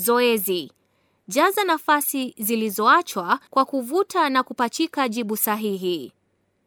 Zoezi: jaza nafasi zilizoachwa kwa kuvuta na kupachika jibu sahihi.